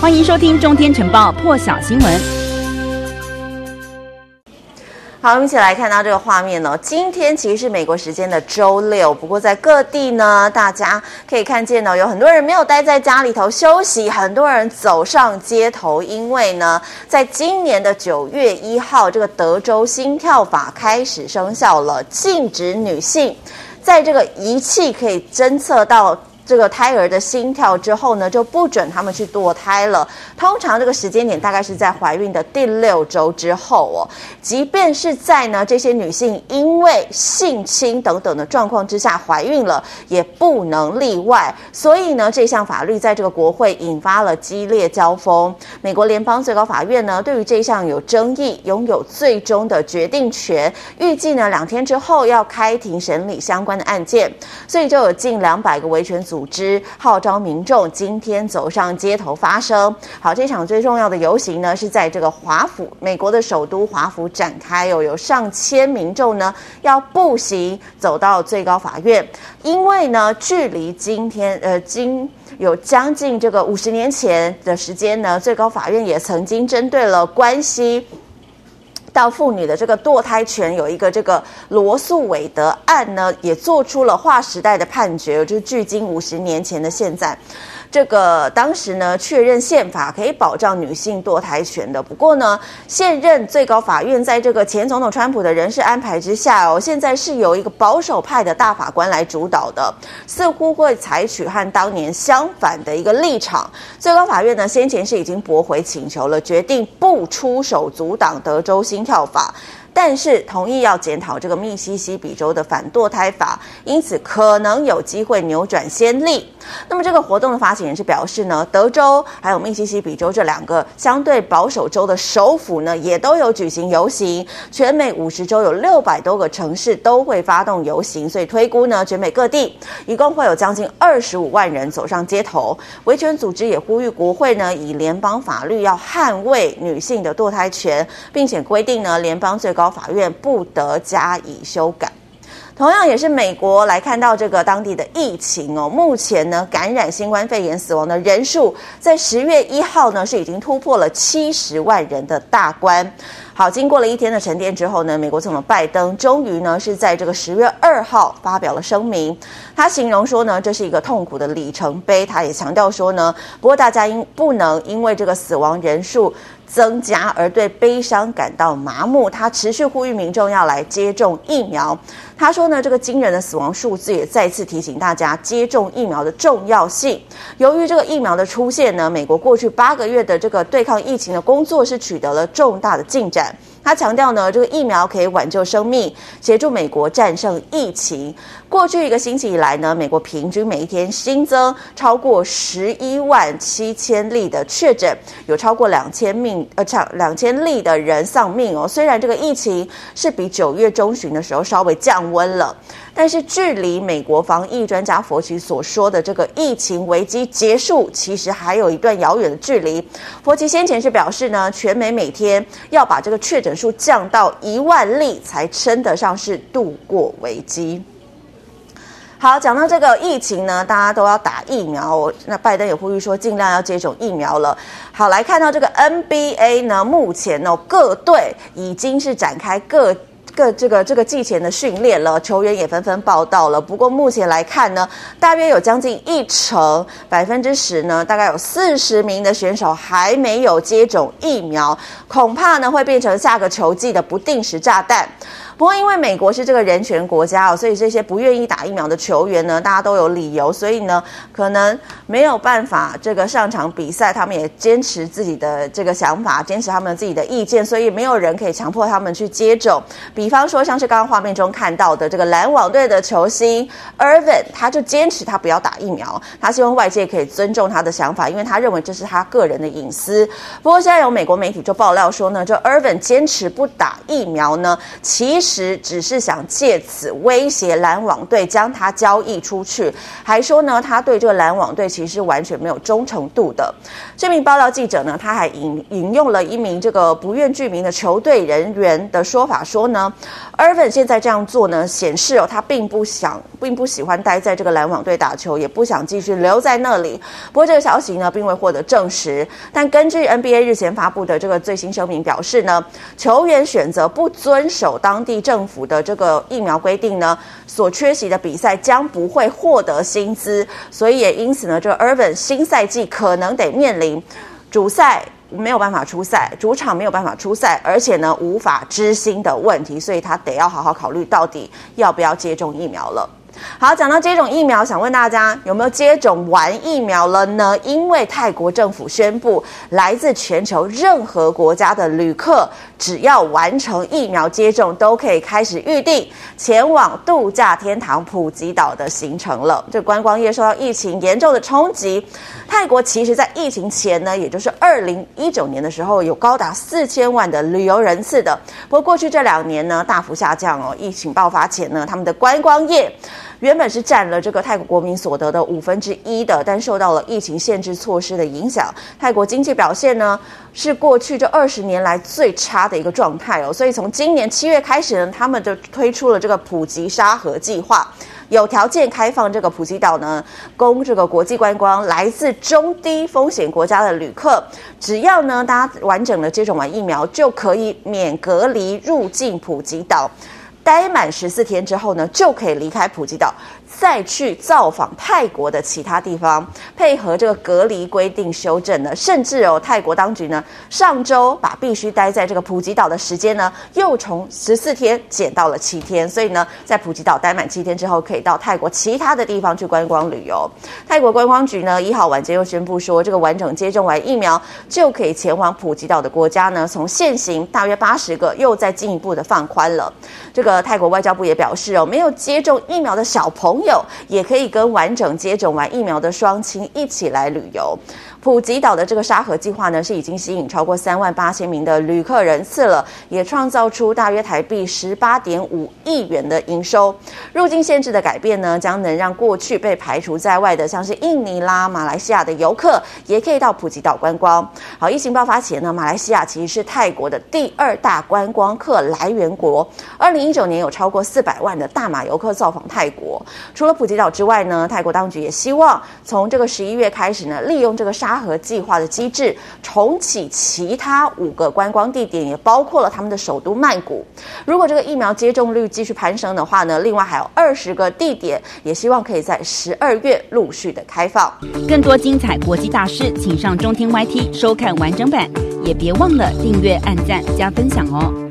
歡迎收聽《中天晨報》破曉新聞。好，我們一起來看到這個畫面。今天其實是美國時間的周六，不過在各地呢，大家可以看見呢，有很多人沒有待在家裡頭休息，很多人走上街頭，因為呢，在今年的九月一號，這個德州心跳法開始生效了，禁止女性在這個儀器可以偵測到。這個胎兒的心跳之後呢，就不准他們去墮胎了。通常這個時間點大概是在懷孕的第六周之後哦。即便是在呢這些女性因為性侵等等的狀況之下懷孕了，也不能例外。所以呢，這項法律在這個國會引發了激烈交鋒。美國聯邦最高法院呢，對於這項有爭議，擁有最終的決定權。預計呢兩天之後要開庭審理相關的案件。所以就有近兩百個維權組。組織號召民眾今天走上街頭發聲。好，這場最重要的遊行呢，是在這個華府，美國的首都華府展開哦，有上千民眾呢，要步行走到最高法院。因為呢，距離今天呃今有將近這個五十年前的時間呢，最高法院也曾經針對了關係。到婦女的這個墮胎權有一個這個羅訴韋德案呢，也做出了劃時代的判決，就是距今五十年前的現在。這個當時呢，確認憲法可以保障女性墮胎權的。不過呢，現任最高法院在這個前總統川普的人事安排之下哦，現在是由一個保守派的大法官來主導的，似乎會採取和當年相反的一個立場。最高法院呢，先前是已經駁回請求了，決定不出手阻擋德州心跳法。但是同意要檢討這個密西西比州的反墮胎法，因此可能有機會扭轉先例。那麼這個活動的發起人是表示呢，德州還有密西西比州這兩個相對保守州的首府呢，也都有舉行遊行。全美五十州有六百多個城市都會發動遊行，所以推估呢，全美各地一共會有將近二十五萬人走上街頭。維權組織也呼籲國會呢，以聯邦法律要捍衛女性的墮胎權，並且規定呢，聯邦最高高法院，不得加以修改。同樣也是美國，來看到這個當地的疫情哦，目前呢感染新冠肺炎死亡的人數在十月一號呢是已經突破了七十萬人的大關。好，經過了一天的沉澱之後呢，美國總統拜登終於呢是在這個十月二號發表了聲明。他形容說呢，這是一個痛苦的里程碑。他也強調說呢，不過大家因不能因為這個死亡人數。增加而對悲傷感到麻木，他持續呼籲民眾要來接種疫苗。他說呢，這個驚人的死亡數字也再次提醒大家接種疫苗的重要性。由於這個疫苗的出現呢，美國過去八個月的這個對抗疫情的工作是取得了重大的進展。他強調呢，這個疫苗可以挽救生命，協助美國戰勝疫情。過去一個星期以來呢，美國平均每一天新增超過十一萬七千例的確診，有超過兩千命呃，超兩千例的人喪命哦。雖然這個疫情是比九月中旬的時候稍微降溫了，但是距離美國防疫專家佛奇所說的這個疫情危機結束，其實還有一段遙遠的距離。佛奇先前是表示呢，全美每天要把這個確診。人數降到一萬例才稱得上是度過危機。好，講到這個疫情呢，大家都要打疫苗。那拜登也呼籲說，儘量要接種疫苗了。好，來看到這個 NBA 呢，目前呢、哦、各隊已經是展開各。個這個、這個、這個季前的訓練了，球員也紛紛報到了。不過目前來看呢，大約有將近一成百分之十呢，大概有四十名的選手還沒有接種疫苗，恐怕呢會變成下個球季的不定時炸彈。不過，因為美國是這個人權國家哦，所以這些不願意打疫苗的球員呢，大家都有理由，所以呢，可能沒有辦法這個上場比賽。他們也堅持自己的這個想法，堅持他們自己的意見，所以沒有人可以強迫他們去接種。比方說，像是剛剛畫面中看到的這個籃網隊的球星 Irving，他就堅持他不要打疫苗，他希望外界可以尊重他的想法，因為他認為這是他個人的隱私。不過，現在有美國媒體就爆料說呢，就 Irving 堅持不打疫苗呢，其實實只是想借此威脅籃網隊將他交易出去，還說呢，他對這個籃網隊其實完全沒有忠誠度的。這名報道記者呢，他還引引用了一名這個不願具名的球隊人員的說法說呢，厄文現在這樣做呢，顯示哦他並不想，並不喜歡待在這個籃網隊打球，也不想繼續留在那裡。不過這個消息呢，並未獲得證實。但根據 NBA 日前發布的這個最新聲明表示呢，球員選擇不遵守當地。政府的這個疫苗規定呢，所缺席的比賽將不會獲得薪資，所以也因此呢，這個 Irving 新賽季可能得面臨主賽沒有辦法出賽，主場沒有辦法出賽，而且呢無法支薪的問題，所以他得要好好考慮到底要不要接種疫苗了。好，講到接種疫苗，想問大家有沒有接種完疫苗了呢？因為泰國政府宣布，來自全球任何國家的旅客，只要完成疫苗接種，都可以開始預定前往度假天堂普吉島的行程了。這觀光業受到疫情嚴重的衝擊。泰國其實，在疫情前呢，也就是二零一九年的時候，有高達四千萬的旅遊人次的。不過，過去這兩年呢，大幅下降哦。疫情爆發前呢，他們的觀光業。原本是占了這個泰國國民所得的五分之一的，但受到了疫情限制措施的影響，泰國經濟表現呢是過去這二十年來最差的一個狀態哦。所以從今年七月開始呢，他們就推出了這個普吉沙盒計劃，有條件開放這個普吉島呢，供這個國際觀光來自中低風險國家的旅客，只要呢大家完整的接種完疫苗，就可以免隔離入境普吉島。待滿十四天之後呢，就可以離開普吉島，再去造訪泰國的其他地方，配合這個隔離規定修正了，甚至哦，泰國當局呢，上週把必須待在這個普吉島的時間呢，又從十四天減到了七天，所以呢，在普吉島待滿七天之後，可以到泰國其他的地方去觀光旅遊。泰國觀光局呢，一號晚間又宣布說，這個完整接種完疫苗就可以前往普吉島的國家呢，從現行大約八十個又再進一步的放寬了。這個泰國外交部也表示哦，沒有接種疫苗的小朋友朋友也可以跟完整接種完疫苗的雙親一起來旅遊。普吉島的這個沙盒計劃呢，是已經吸引超過三萬八千名的旅客人次了，也創造出大約台幣十八點五億元的營收。入境限制的改變呢，將能讓過去被排除在外的，像是印尼啦、馬來西亞的遊客，也可以到普吉島觀光。好，疫情爆發前呢，馬來西亞其實是泰國的第二大觀光客來源國。二零一九年有超過四百萬的大馬遊客造訪泰國。除了普吉島之外呢，泰國當局也希望從這個十一月開始呢，利用這個沙。和計劃的機制重啟，其他五個觀光地點也包括了他們的首都曼谷。如果這個疫苗接種率繼續攀升的話呢，另外還有二十個地點，也希望可以在十二月陸續的開放。更多精彩國際大事，請上中天 YT 收看完整版，也別忘了訂閱、按讚、加分享哦。